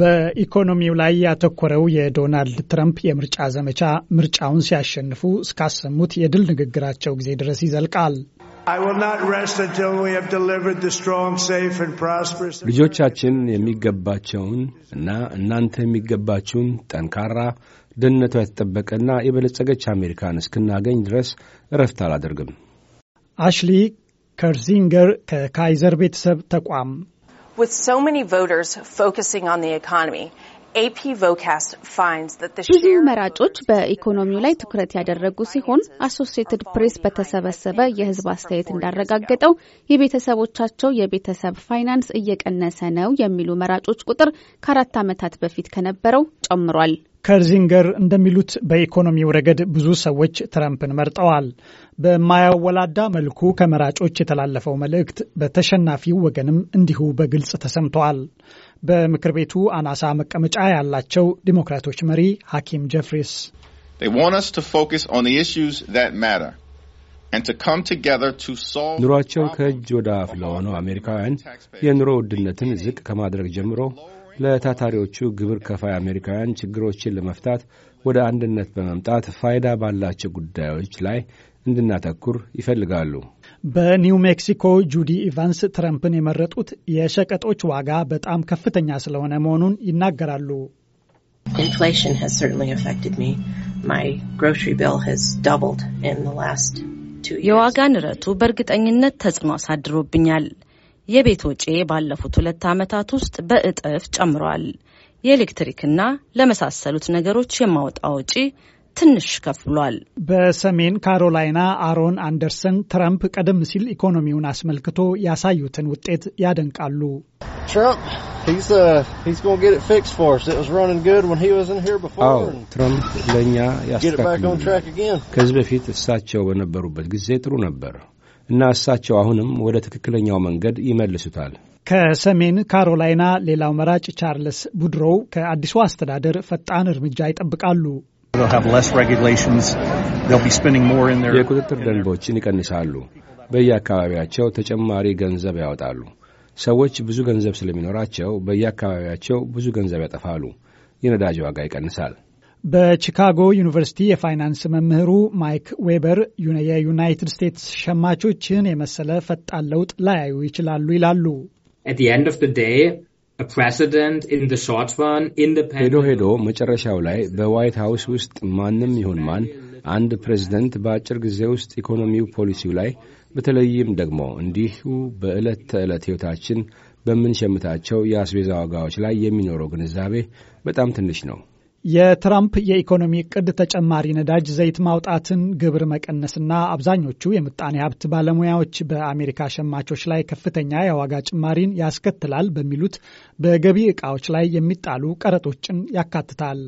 በኢኮኖሚው ላይ ያተኮረው የዶናልድ ትራምፕ የምርጫ ዘመቻ ምርጫውን ሲያሸንፉ እስካሰሙት የድል ንግግራቸው ጊዜ ድረስ ይዘልቃል። ልጆቻችን የሚገባቸውን እና እናንተ የሚገባችውን ጠንካራ ደህንነቷ የተጠበቀና የበለጸገች አሜሪካን እስክናገኝ ድረስ እረፍት አላደርግም። አሽሊ ከርዚንገር ከካይዘር ቤተሰብ ተቋም With so many voters focusing on the economy, ብዙ መራጮች በኢኮኖሚው ላይ ትኩረት ያደረጉ ሲሆን አሶሲየትድ ፕሬስ በተሰበሰበ የሕዝብ አስተያየት እንዳረጋገጠው የቤተሰቦቻቸው የቤተሰብ ፋይናንስ እየቀነሰ ነው የሚሉ መራጮች ቁጥር ከአራት ዓመታት በፊት ከነበረው ጨምሯል። ከርዚንገር እንደሚሉት በኢኮኖሚው ረገድ ብዙ ሰዎች ትረምፕን መርጠዋል። በማያወላዳ መልኩ ከመራጮች የተላለፈው መልእክት በተሸናፊው ወገንም እንዲሁ በግልጽ ተሰምተዋል። በምክር ቤቱ አናሳ መቀመጫ ያላቸው ዲሞክራቶች መሪ ሐኪም ጀፍሪስ ኑሯቸው ከእጅ ወደ አፍ ለሆነው አሜሪካውያን የኑሮ ውድነትን ዝቅ ከማድረግ ጀምሮ ለታታሪዎቹ ግብር ከፋይ አሜሪካውያን ችግሮችን ለመፍታት ወደ አንድነት በመምጣት ፋይዳ ባላቸው ጉዳዮች ላይ እንድናተኩር ይፈልጋሉ። በኒው ሜክሲኮ ጁዲ ኢቫንስ ትረምፕን የመረጡት የሸቀጦች ዋጋ በጣም ከፍተኛ ስለሆነ መሆኑን ይናገራሉ። ኢንፍሌሽን ሀዝ ሰርተንሊ አፌክትድ የዋጋ ንረቱ በእርግጠኝነት ተጽዕኖ አሳድሮብኛል። የቤት ወጪ ባለፉት ሁለት ዓመታት ውስጥ በእጥፍ ጨምሯል። የኤሌክትሪክና ለመሳሰሉት ነገሮች የማወጣ ወጪ ትንሽ ከፍ ብሏል። በሰሜን ካሮላይና አሮን አንደርሰን ትራምፕ ቀደም ሲል ኢኮኖሚውን አስመልክቶ ያሳዩትን ውጤት ያደንቃሉ። uh, አዎ ትራምፕ ለእኛ ያስተካክሉ። ከዚህ በፊት እሳቸው በነበሩበት ጊዜ ጥሩ ነበር። እና እሳቸው አሁንም ወደ ትክክለኛው መንገድ ይመልሱታል። ከሰሜን ካሮላይና ሌላው መራጭ ቻርልስ ቡድሮው ከአዲሱ አስተዳደር ፈጣን እርምጃ ይጠብቃሉ። የቁጥጥር ደንቦችን ይቀንሳሉ። በየአካባቢያቸው ተጨማሪ ገንዘብ ያወጣሉ። ሰዎች ብዙ ገንዘብ ስለሚኖራቸው በየአካባቢያቸው ብዙ ገንዘብ ያጠፋሉ። የነዳጅ ዋጋ ይቀንሳል። በቺካጎ ዩኒቨርሲቲ የፋይናንስ መምህሩ ማይክ ዌበር የዩናይትድ ስቴትስ ሸማቾችን የመሰለ ፈጣን ለውጥ ላያዩ ይችላሉ ይላሉ። ሄዶ ሄዶ መጨረሻው ላይ በዋይት ሃውስ ውስጥ ማንም ይሁን ማን አንድ ፕሬዝደንት በአጭር ጊዜ ውስጥ ኢኮኖሚው፣ ፖሊሲው ላይ በተለይም ደግሞ እንዲሁ በዕለት ተዕለት ሕይወታችን በምንሸምታቸው የአስቤዛ ዋጋዎች ላይ የሚኖረው ግንዛቤ በጣም ትንሽ ነው። የትራምፕ የኢኮኖሚ እቅድ ተጨማሪ ነዳጅ ዘይት ማውጣትን፣ ግብር መቀነስና አብዛኞቹ የምጣኔ ሀብት ባለሙያዎች በአሜሪካ ሸማቾች ላይ ከፍተኛ የዋጋ ጭማሪን ያስከትላል በሚሉት በገቢ ዕቃዎች ላይ የሚጣሉ ቀረጦችን ያካትታል።